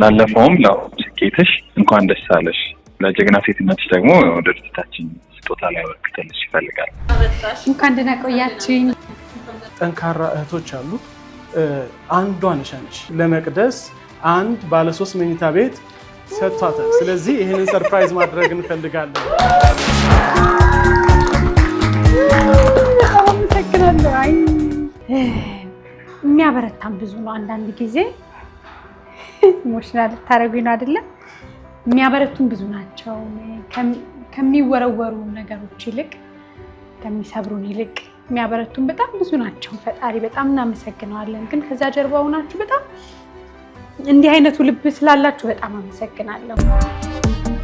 ላለፈውም ስኬትሽ እንኳን ደስ አለሽ። ለጀግና ሴትነትሽ ደግሞ ድርጅታችን ስጦታ ላይ ያበረክተልሽ ይፈልጋል። እንኳን ደህና ጠንካራ እህቶች አሉ። አንዷ ነሽ ለመቅደስ አንድ ባለሶስት መኝታ ቤት ሰጥቷታል። ስለዚህ ይህንን ሰርፕራይዝ ማድረግ እንፈልጋለን። አመሰግናለሁ። የሚያበረታም ብዙ ነው አንዳንድ ጊዜ ኢሞሽናል ልታደርጉኝ ነው አይደለም? የሚያበረቱን ብዙ ናቸው። ከሚወረወሩ ነገሮች ይልቅ ከሚሰብሩን ይልቅ የሚያበረቱን በጣም ብዙ ናቸው። ፈጣሪ በጣም እናመሰግነዋለን። ግን ከዛ ጀርባ ሆናችሁ በጣም እንዲህ አይነቱ ልብ ስላላችሁ በጣም አመሰግናለሁ።